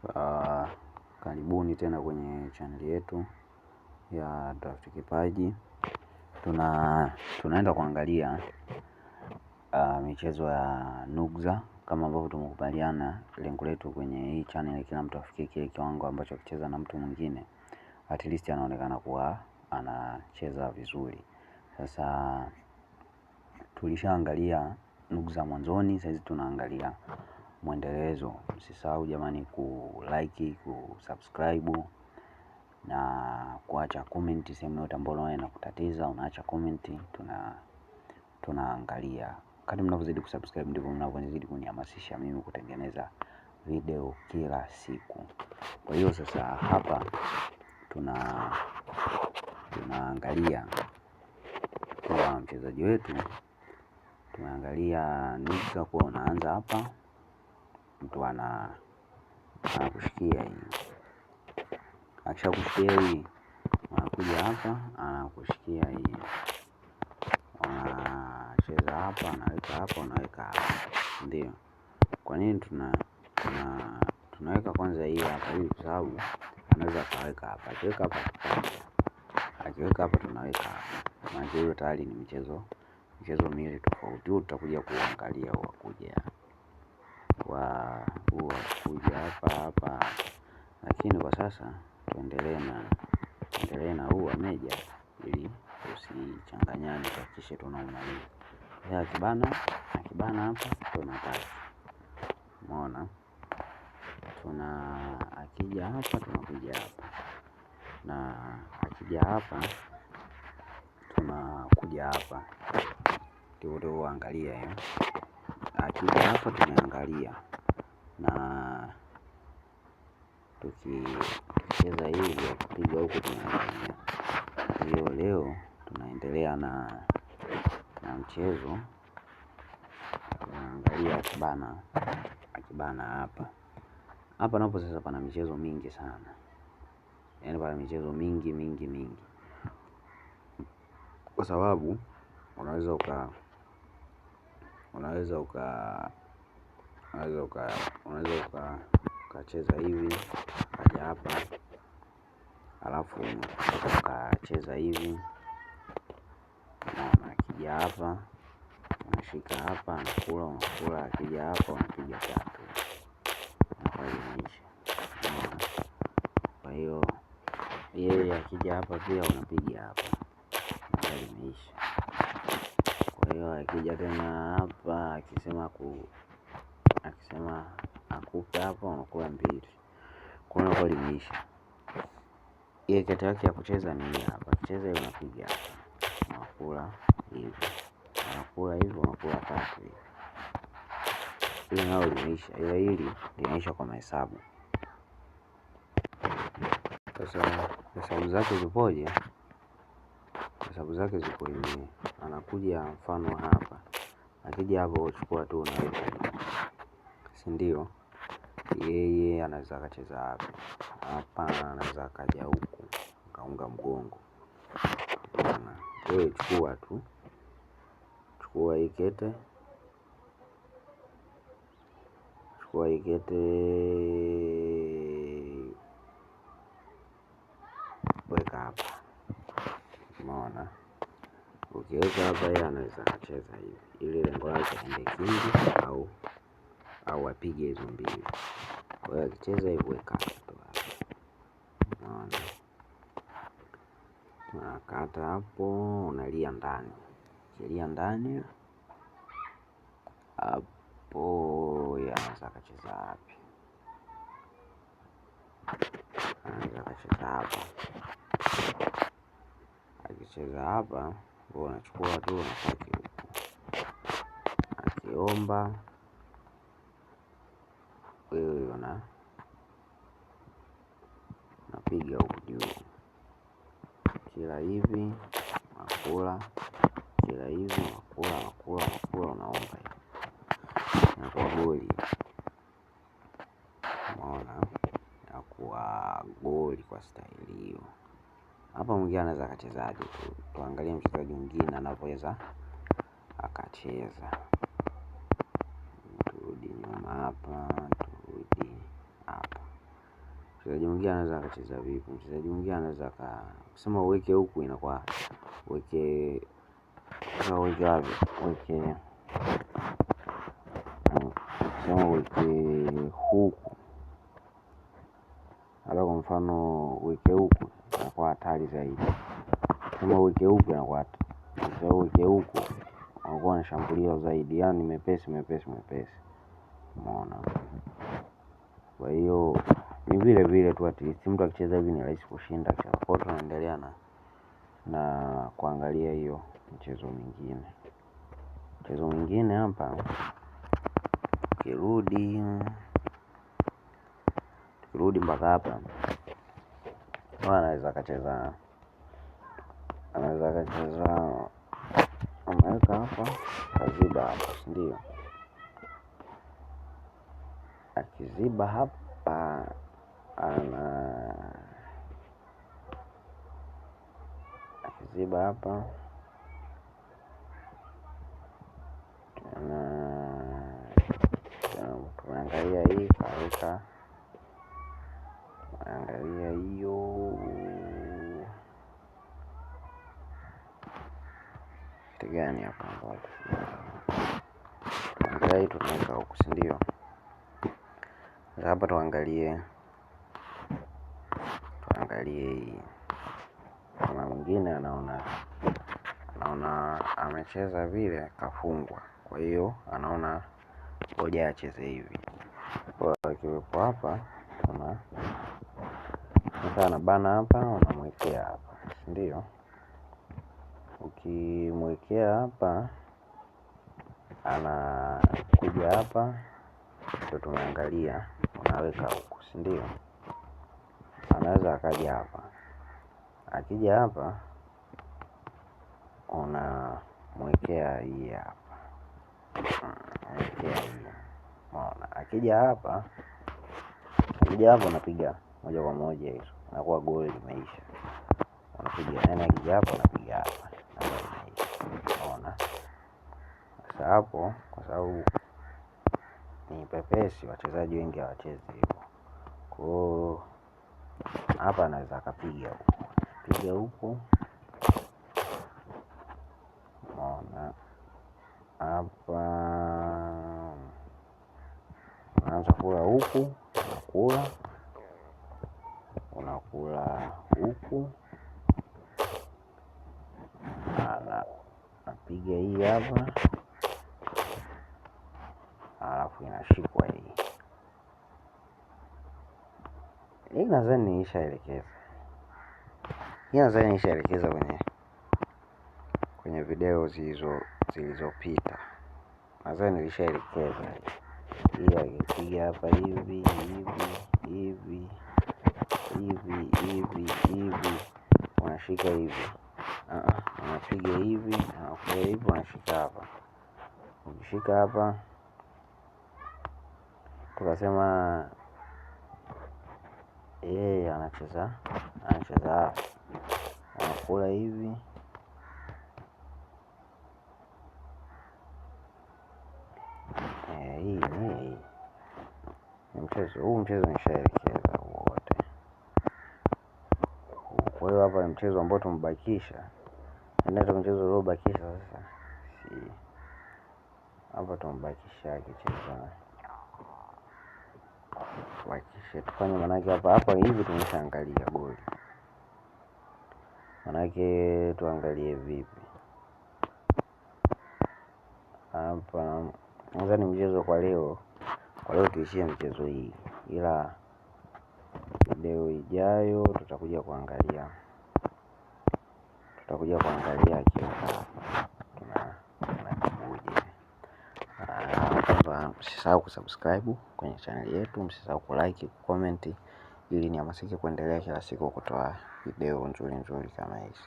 Uh, karibuni tena kwenye chaneli yetu ya Draft Kipaji. Tuna tunaenda kuangalia uh, michezo ya Nugza kama ambavyo tumekubaliana. Lengo letu kwenye hii chaneli kila mtu afikie kile kiwango ambacho akicheza na mtu mwingine at least anaonekana kuwa anacheza vizuri. Sasa tulishaangalia Nugza mwanzoni, sasa hizi tunaangalia mwendelezo. Msisahau jamani ku subscribe na kuacha comment sehemu yote ambayo unaona inakutatiza, unaacha comment, tuna tunaangalia. Kadri mnavyozidi kusubscribe ndivyo mnavyozidi kunihamasisha mimi kutengeneza video kila siku. Kwa hiyo sasa hapa tuna tunaangalia kwa mchezaji wetu, tunaangalia nika kuwa unaanza hapa mtu ana anakushikia hivi, akishakushikia hivi unakuja hapa anakushikia hivi, unacheza hapa, anaweka hapa, unaweka hapa. Ndio kwa nini tuna tuna tunaweka kwanza hii hapa hii kwa sababu anaweza akaweka hapa, akiweka hapa tutakuja, akiweka hapa tunaweka hapa, maana hiyo tayari ni mchezo michezo miwili tofauti. Huu tutakuja kuangalia wakuja kuwa kuja hapa hapa, lakini kwa sasa tuendelee na huu wa meja ili usichanganyane, tuhakikishe tunaumaliza ya kibana na kibana. Hapa tunataka umeona, tuna akija hapa tunakuja hapa na akija hapa tunakuja hapa, ndio uangalia hiyo eh hapa tumeangalia na tukicheza hivi ya kupiga huku tunaangalia. hiyo leo tunaendelea na na mchezo tunaangalia akibana akibana hapa hapa napo sasa, pana michezo mingi sana, yaani pana michezo mingi mingi mingi, kwa sababu unaweza uka unaweza uka unaweza uka unaweza uka ukacheza hivi ukaja hapa, alafu ukacheza hivi na akija hapa unashika hapa nakula unakula, akija hapa unapiga tatu nakuelimisha. Kwa hiyo yeye akija hapa pia unapiga hapa, nakuelimisha akija tena hapa akisema ku akisema akupe hapa, unakuwa mbili kwa, limisha limeisha. Ile kati yake ya kucheza ni hapa, kicheza hiyo, unapiga hapa, unakula hivi, unakula hivi, unakula tatu hivi. Hili nao limeisha, ila hili linaisha kwa mahesabu. Sasa hesabu zake zipoje? hesabu zake ziko hivi, anakuja mfano hapa, akija hapo chukua tu unaweka, si ndio? Yeye anaweza akacheza hapa hapa, anaweza akaja huku akaunga mgongo. Wewe chukua tu, chukua ikete chukua ikete weka hapa Ukiweka hapa yeye anaweza akacheza hivi, ili lengo lake aende kingi au au apige hizo mbili. Kwa hiyo akicheza hivi, weka tu unaona, unakata hapo, unalia ndani, kilia ndani hapo, yeye anaweza kacheza wapi? Anaweza akacheza hapa, akicheza hapa Unachukua tu unapaki akiomba wewe una unapiga huku juu, kila hivi nakula, kila hivi nakula, nakula, nakula, unaomba hivi goli, maona Inakuwa goli kwa staili hiyo. Hapa mwingine anaweza akachezaje? Tuangalie mchezaji mwingine anavyoweza akacheza. Turudi nyuma hapa, turudi hapa. Mchezaji mwingine anaweza akacheza vipi? Mchezaji mwingine anaweza ka kusema uweke huku, inakuwa uweke weke wapi? Uweke kusema weke huku, hata kwa mfano weke huku inakuwa hatari zaidi. Kama uweke huku inakuwa uweke huku unakuwa unashambuliwa zaidi, ni yaani mepesi mepesi mepesi, umeona. Kwa hiyo ni vile vile tu, at least mtu akicheza hivi ni rahisi kushinda. Kwa hiyo tunaendelea na na kuangalia hiyo mchezo mwingine. Mchezo mwingine hapa kirudi tukirudi mpaka hapa Anaweza akacheza, anaweza akacheza, ameweka hapa, kaziba hapa, si ndio? Akiziba hapa ana akiziba hapa gani hapa ambapo tuangalie, tunaweka huku, si ndio? Hapa tuangalie, tuangalie hii. Kuna mwingine anaona anaona amecheza vile akafungwa, kwa hiyo anaona ngoja acheze hivi. Akiwepo hapa una sasa anabana hapa, unamwekea hapa, si ndio? ukimwekea hapa anakuja hapa, ndio tumeangalia, unaweka huku, si ndio? Anaweza akaja hapa, akija hapa unamwekea hii hapa, mwekea hii maona, akija hapa, akija hapa unapiga moja kwa moja, hizo inakuwa goli, imeisha. Unapiga yani, akija hapa unapiga hapa Unaona sasa hapo, kwa sababu ni pepesi, wachezaji wengi hawachezi hivyo. Kwa hiyo hapa anaweza akapiga huku, piga huko Piga hii hapa, alafu inashikwa hii hii, nadhani niishaelekeza hii, nadhani niishaelekeza kwenye kwenye video zilizo zilizopita, nadhani nilishaelekeza hii. Akipiga hapa hivi hivi hivi hivi hivi hivi, unashika hivi Ah, ah, anapiga hivi na hivi hivyo hapa. Ukishika hapa, tukasema yeye anacheza anacheza hapa, anakula hivi eh, hii hii ni mchezo huu. Mchezo nishaelekeza wote. Kwa hiyo hapa ni mchezo ambao tumebakisha. Ndio mchezo uliobakisha sasa. Hapa tumbakisha kicheza. Bakisha tufanye manake hapa hapa hivi tumeshaangalia goli. Manake tuangalie vipi. Hapa nadhani mchezo kwa leo kwa leo tuishie mchezo hii, ila video ijayo tutakuja kuangalia tutakuja kuangalia akiwa kwamba msisahau kusubscribe kwenye chaneli yetu, msisahau kulike, kucomment ili nihamasike kuendelea kila siku kutoa video nzuri nzuri kama hizi.